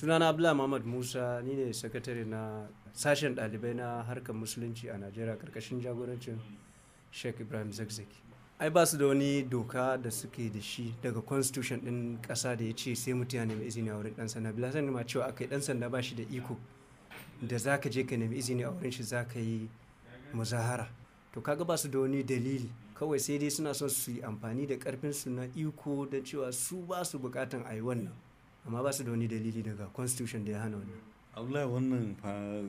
sunana abdullahi muhammad musa ni ne sakatare na sashen dalibai na harkar musulunci a najeriya karkashin jagorancin sheikh ibrahim zakzaki ai ba su da wani doka da suke da shi daga constitution din kasa da ya ce sai mutum ya nemi izini a wurin dan sanda bila ma cewa akai dan sanda ba shi da iko da za ka je ka nemi izini a wurin shi za ka yi muzahara to kaga ba su da wani dalili kawai sai dai suna son su yi amfani da karfin su na iko da cewa su ba su buƙatan a yi wannan amma ba su da wani dalili daga constitution da ya hana wannan allah wannan fa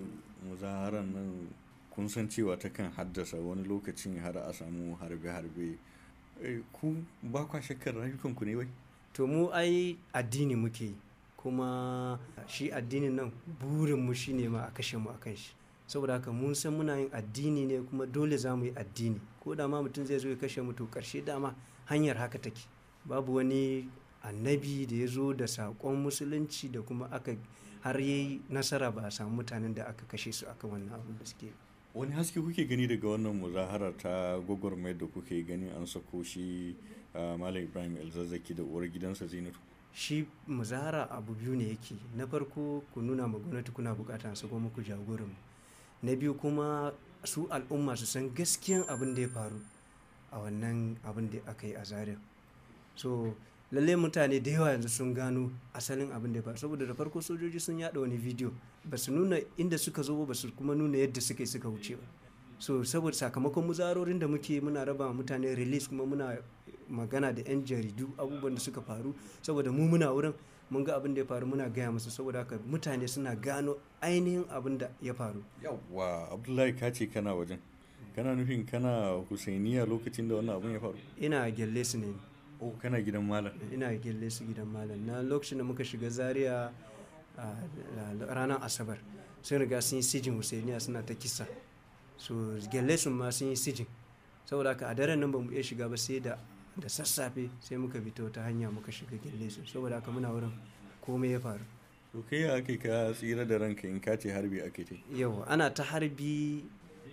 muzaharar nan kun san cewa ta kan haddasa wani lokacin har a samu harbe-harbe eh, ku ba kwa shakkar rayukanku ne wai to mu ai addini muke yi kuma shi addinin nan burinmu shi ne ma a kashe mu a kan shi saboda haka mun san muna yin addini ne kuma dole za mu yi addini ko da ma mutum zai zo ya kashe mu to karshe dama hanyar haka take babu wani annabi da ya zo da saƙon musulunci da kuma aka har yi nasara ba a samu mutanen da aka kashe su aka wannan abin da suke wani haske kuke gani daga wannan muzahara ta gwagwarmayar da kuke gani an sako shi ah, malam ibrahim elzazzaki da uwar gidansa zinatu shi muzahara abu biyu ne yake na farko ku nuna ma gwamnati kuna bukata su goma ku jagorinmu, na biyu kuma su al'umma su san gaskiyan abin da ya faru a wannan abin da aka yi a zarin so lalle mutane da yawa yanzu sun gano asalin abin da ya faru saboda da farko sojoji sun yada wani video ba su nuna inda suka zo ba su kuma nuna yadda suka suka wuce ba so saboda sakamakon muzarorin da muke muna raba mutane release kuma muna magana da yan jaridu abubuwan da suka faru saboda mu muna wurin mun ga abin da ya faru muna gaya musu saboda haka mutane suna gano ainihin abin da ya faru yawa abdullahi ka ce kana wajen kana nufin kana husainiya lokacin da wannan abin ya faru ina gyalle su ne oh kana gidan malam ina gelle su gidan malam na lokacin da muka shiga zaria ranar asabar sun riga sun yi sijin husainiya suna ta kisa so gelle sun ma sun yi sijin saboda haka a daren nan ba mu iya shiga ba sai da da sassafe sai muka fito ta hanya muka shiga gelle su saboda haka muna wurin komai ya faru to kai ake ka tsira da ranka in ka ce harbi ake ce yau ana ta harbi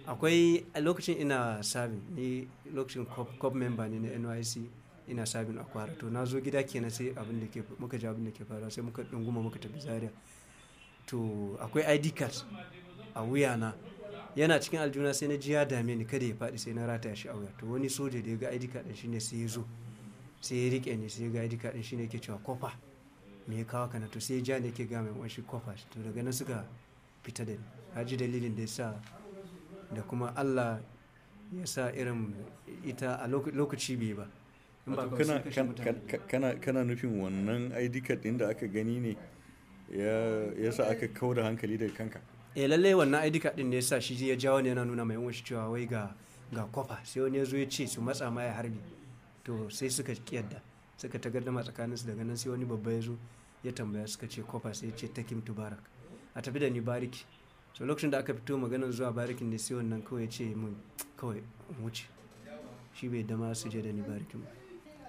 akwai lokacin ina sabin ni lokacin cop member ne na nyc ina sabin akwara to na zo gida kenan sai abin da ke muka ji abin da ke fara sai muka dunguma muka tafi zaria to akwai id card a wuya na. yana cikin aljuna sai na ji ya dame ni kada ya faɗi sai na rataya shi a wuya to wani soja da ya ga id card din shine sai ya zo sai ya rike ni sai ya ga id card din shine yake cewa kofa me ya kawo kana to sai ya ja ne yake ga mai wanshi kofa to daga nan suka fita da ni haji dalilin da ya sa da kuma Allah ya sa irin ita a lokaci bai ba kana nufin wannan ID card din da aka gani ne ya sa aka da hankali daga kanka eh lalle wannan ID card din ne sa shi ya jawo ne yana nuna mai wasu cewa wai ga ga kofa sai wani ya zo ya ce su matsa ma ya harbi to sai suka kiyarda suka ta gardama tsakaninsu daga nan sai wani babba ya zo ya tambaya suka ce kofa sai ya ce takim tubarak a tafi da ni bariki so lokacin da aka fito maganar zuwa barikin ne sai wannan kawai ya ce mun kawai wuce shi bai dama su je da ni barikin ba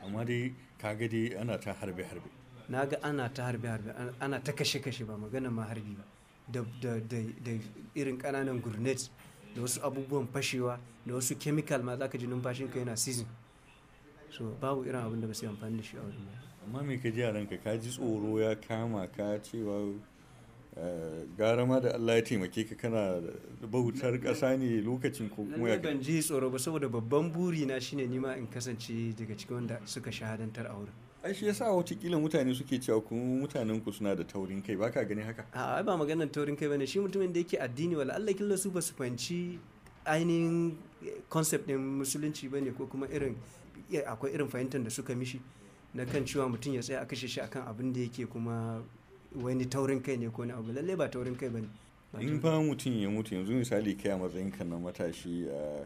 amma dai ga dai ana ta harbe harbe na ga ana ta harbe harbe ana ta kashe kashe ba magana ma harbi ba da irin kananan gurnet da wasu abubuwan fashewa da wasu chemical ma zaka ji numfashinka yana season so babu irin abin da ba su amfani da shi a wajen amma me ka ji a ranka ka ji tsoro ya kama ka cewa gara ma da Allah ya taimake ka kana bautar ƙasa ne lokacin ko kuma ya ban ji tsoro ba saboda babban buri na shine nima in kasance daga cikin wanda suka shahadantar a wurin ai shi yasa watakila mutane suke cewa ku mutanen ku suna da taurin kai baka gani haka a ba maganar taurin kai bane shi mutumin da yake addini wala Allah killa su ba su fanci ainihin concept din musulunci bane ko kuma irin akwai irin fahimtar da suka mishi na kan cewa mutum ya tsaya a kashe shi akan abin da yake kuma wani taurin kai ne ko ni abu lallai ba taurin kai bane. in ba mutum ya mutu yanzu misali kai a ka na matashi a eh,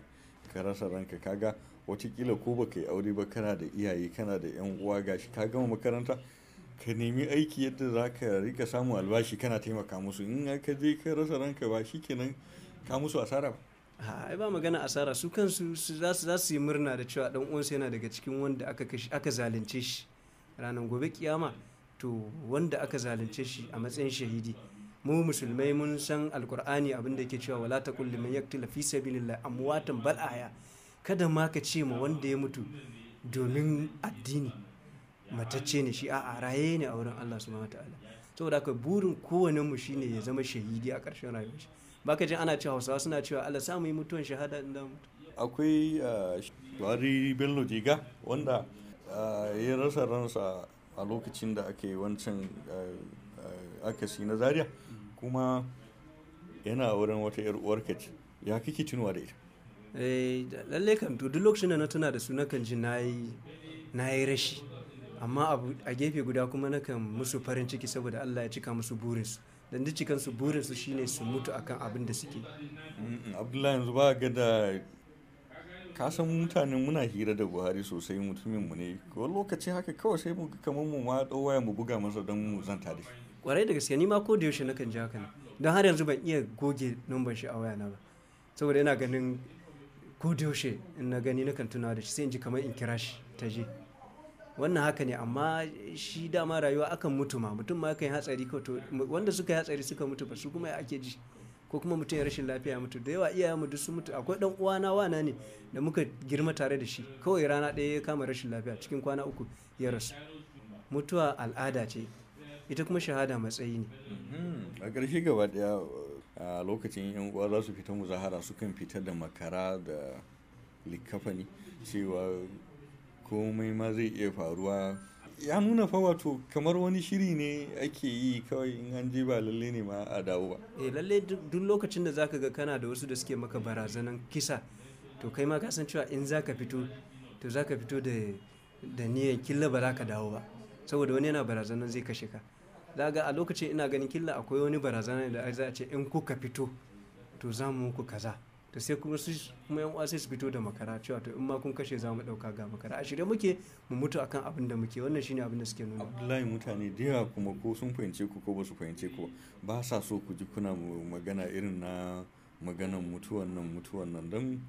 karasa ranka kaga watakila ko baka yi aure ba kana da iyaye kana da yan uwa gashi ka gama makaranta ka nemi aiki yadda za ka rika samun albashi kana taimaka musu in ka je ka rasa ranka ba shi kenan ka musu asara ba ai ba magana asara su kansu za su yi murna da cewa dan uwansa yana daga cikin wanda aka zalunce shi Ranan gobe kiyama to wanda aka zalunce shi a matsayin shahidi mu musulmai mun san alkur'ani abin da yake cewa wala kulli liman yaqtulu fi sabilillah amwatan bal bal'aya kada ma ka ce ma wanda ya mutu domin addini matacce ne shi a raye ne a wurin Allah subhanahu wataala saboda haka burin kowane mu shine ya zama shahidi a ƙarshen rayuwar shi baka jin ana cewa Hausawa suna cewa Allah samu yi mutuwan shahada in mutu akwai ah, Buhari Bello Jiga wanda ah, ya rasa ransa a lokacin da aka wancan eh, eh, akasi na zaria kuma yana wurin wata yar ce ya kike tunuwa da ita eh lalle duk lokacin da na tuna da su nakan ji nayi nayi rashi amma a gefe guda kuma na kan musu farin ciki saboda Allah ya cika musu burinsu dan duk cikan su burinsu shine su mutu akan abin da suke Abdullahi yanzu ba ga da ka san mutanen muna hira da buhari sosai mutumin mu ne wani lokaci haka kawai sai mu kamar mu ma waya mu buga masa don mu zanta da shi kwarai da gaske ni ma ko da yaushe nakan ji haka ne don har yanzu ban iya goge numban shi a waya na ba saboda ina ganin ko da yaushe in na gani nakan tuna da shi sai in ji kamar in kira shi ta je wannan haka ne amma shi dama rayuwa akan mutu ma mutum ma kan hatsari ko wanda suka yi hatsari suka mutu ba su kuma ake ji ko kuma mutum ya rashin lafiya mutu da yawa iyaye mu duk sun mutu akwai dan uwana wana ne da muka girma tare da shi kawai rana ɗaya ya kama rashin lafiya cikin kwana uku ya rasu mutuwa al'ada ce ita kuma shahada matsayi ne mm-hmm. a ƙarshe gaba ɗaya a lokacin yan uwa za su fita muzahara sukan fita da makara da likafani cewa komai ma zai iya faruwa ya nuna fa wato kamar wani shiri ne ake yi kawai in an je ba lalle ne ma a dawo ba eh lalle duk lokacin da zaka ga kana da wasu da suke maka barazanan kisa to kai ma ka san cewa in zaka fito to zaka fito da da niyan killa ba za dawo ba saboda wani yana barazanan zai kashe ka za ga a lokacin ina ganin killa akwai wani barazana da za a ce in kuka fito to za mu muku kaza to sai kuma su kuma yan uwa sai su fito da makara cewa to in ma kun kashe za mu dauka ga makara a shirye muke mu mutu akan abin da muke wannan shine abin da suke nuna Abdullahi mutane da yawa kuma ko sun fahimce ku ko ba su fahimce ku ba sa so ku ji kuna magana irin na maganan mutuwan nan mutuwan nan don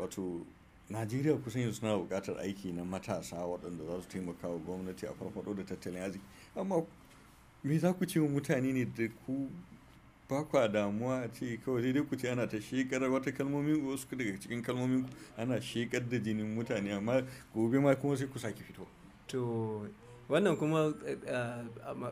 wato Najeriya kusan yanzu suna buƙatar aiki na matasa waɗanda za su taimaka wa gwamnati a farfado da tattalin arziki amma me za ku ce wa mutane ne da ku ba kwa damuwa a ce kawai sai dai ku ce ana ta shekar wata kalmomin wasu daga cikin kalmomin ana shekar da jinin mutane amma gobe ma kuma sai ku sake fito to wannan kuma eh, eh,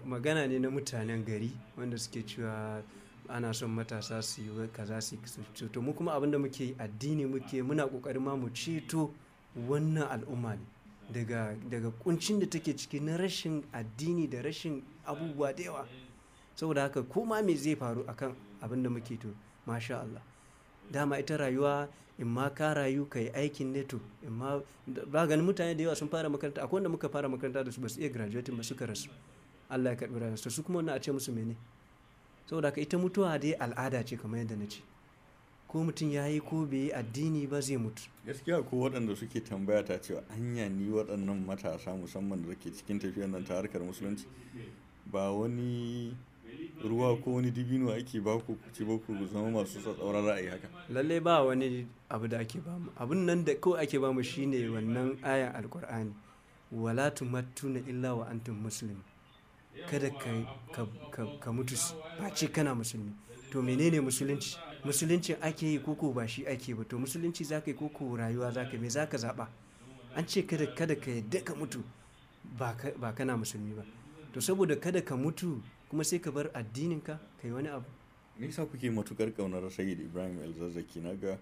magana ne na mutanen gari wanda suke cewa ana son matasa su yi kaza su yi to mu kuma abinda muke addini muke muna kokarin ma mu ceto wannan al'umma ne daga kuncin da take ciki na rashin addini da rashin abubuwa da yawa saboda haka ma me zai faru akan abin da muke to masha Allah dama ita rayuwa in ma ka rayu ka yi aikin to in ma ba ganin mutane da yawa sun fara makaranta akwai wanda muka fara makaranta da su ba su iya graduating ba su ka rasu Allah ya karbi rayuwarsu su kuma wannan a ce musu mene saboda haka ita mutuwa dai al'ada ce kamar yadda na ce ko mutum ya yi ko bai yi addini ba zai mutu gaskiya ko waɗanda suke tambaya ta cewa anya ni waɗannan matasa musamman da ke cikin tafiyar nan ta harkar musulunci ba wani ruwa ko wani dibino ake ba ku ci ba ku zama masu tsatsauran ra'ayi haka lalle ba wani abu da ake bamu abun nan da ko ake bamu shine wannan ayan alkur'ani wala na illa wa antum muslim kada ka, mutu ba ce kana musulmi to menene musulunci musulunci ake yi koko ba shi ake ba to musulunci zaka yi koko rayuwa zaka me zaka zaba an ce kada kada ka yadda ka mutu ba kana musulmi ba to saboda kada ka mutu kuma sai ka bar addininka ka yi wani abu me yasa kuke matukar kaunar sayyid ibrahim elzazzaki na ga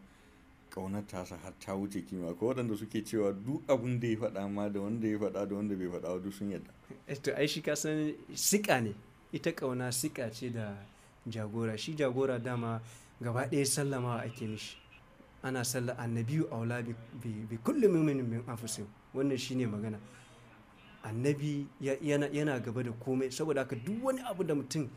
kaunar tasa har ta wuce kima ko waɗanda suke cewa duk abin da ya faɗa ma da wanda ya faɗa da wanda bai faɗa duk sun yadda eh to ai shi ka san sika ne ita kauna sika ce da jagora shi jagora dama gaba ɗaya sallama ake mishi ana sallah annabiyu aula bi kullum mu'minin min afusin. wannan shine magana annabi yana gaba da komai saboda haka duk wani abu da mutum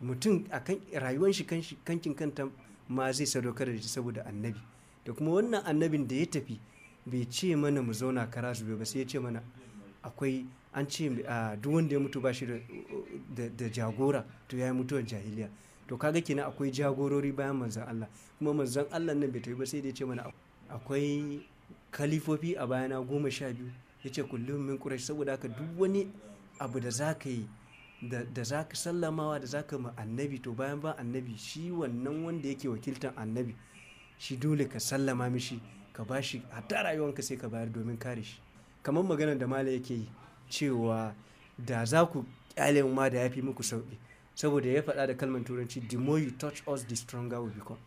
mutum a rayuwar shi kankin kanta ma zai sadaukar da shi saboda annabi da kuma wannan annabin da ya tafi bai ce mana mu zauna kara su ba sai ya ce mana akwai an ce duk wanda ya mutu ba shi da jagora to ya yi mutuwar jahiliya to kaga kenan akwai jagorori bayan manzan Allah kuma manzan Allah nan bai tafi ba sai ya ce mana akwai kalifofi a bayana goma sha biyu ya ce kullum min ƙurashi saboda haka duk wani abu da za ka yi da za ka sallamawa da za ka ma annabi to bayan ba annabi shi wannan wanda yake wakiltan annabi shi dole ka sallama mishi ka ba shi hatta rayuwanka sai ka bayar domin kare shi kamar maganar da mala yake yi cewa da za ku kyale ma da ya fi muku sauƙi saboda ya faɗa da kalmar turanci the more you touch us the stronger we become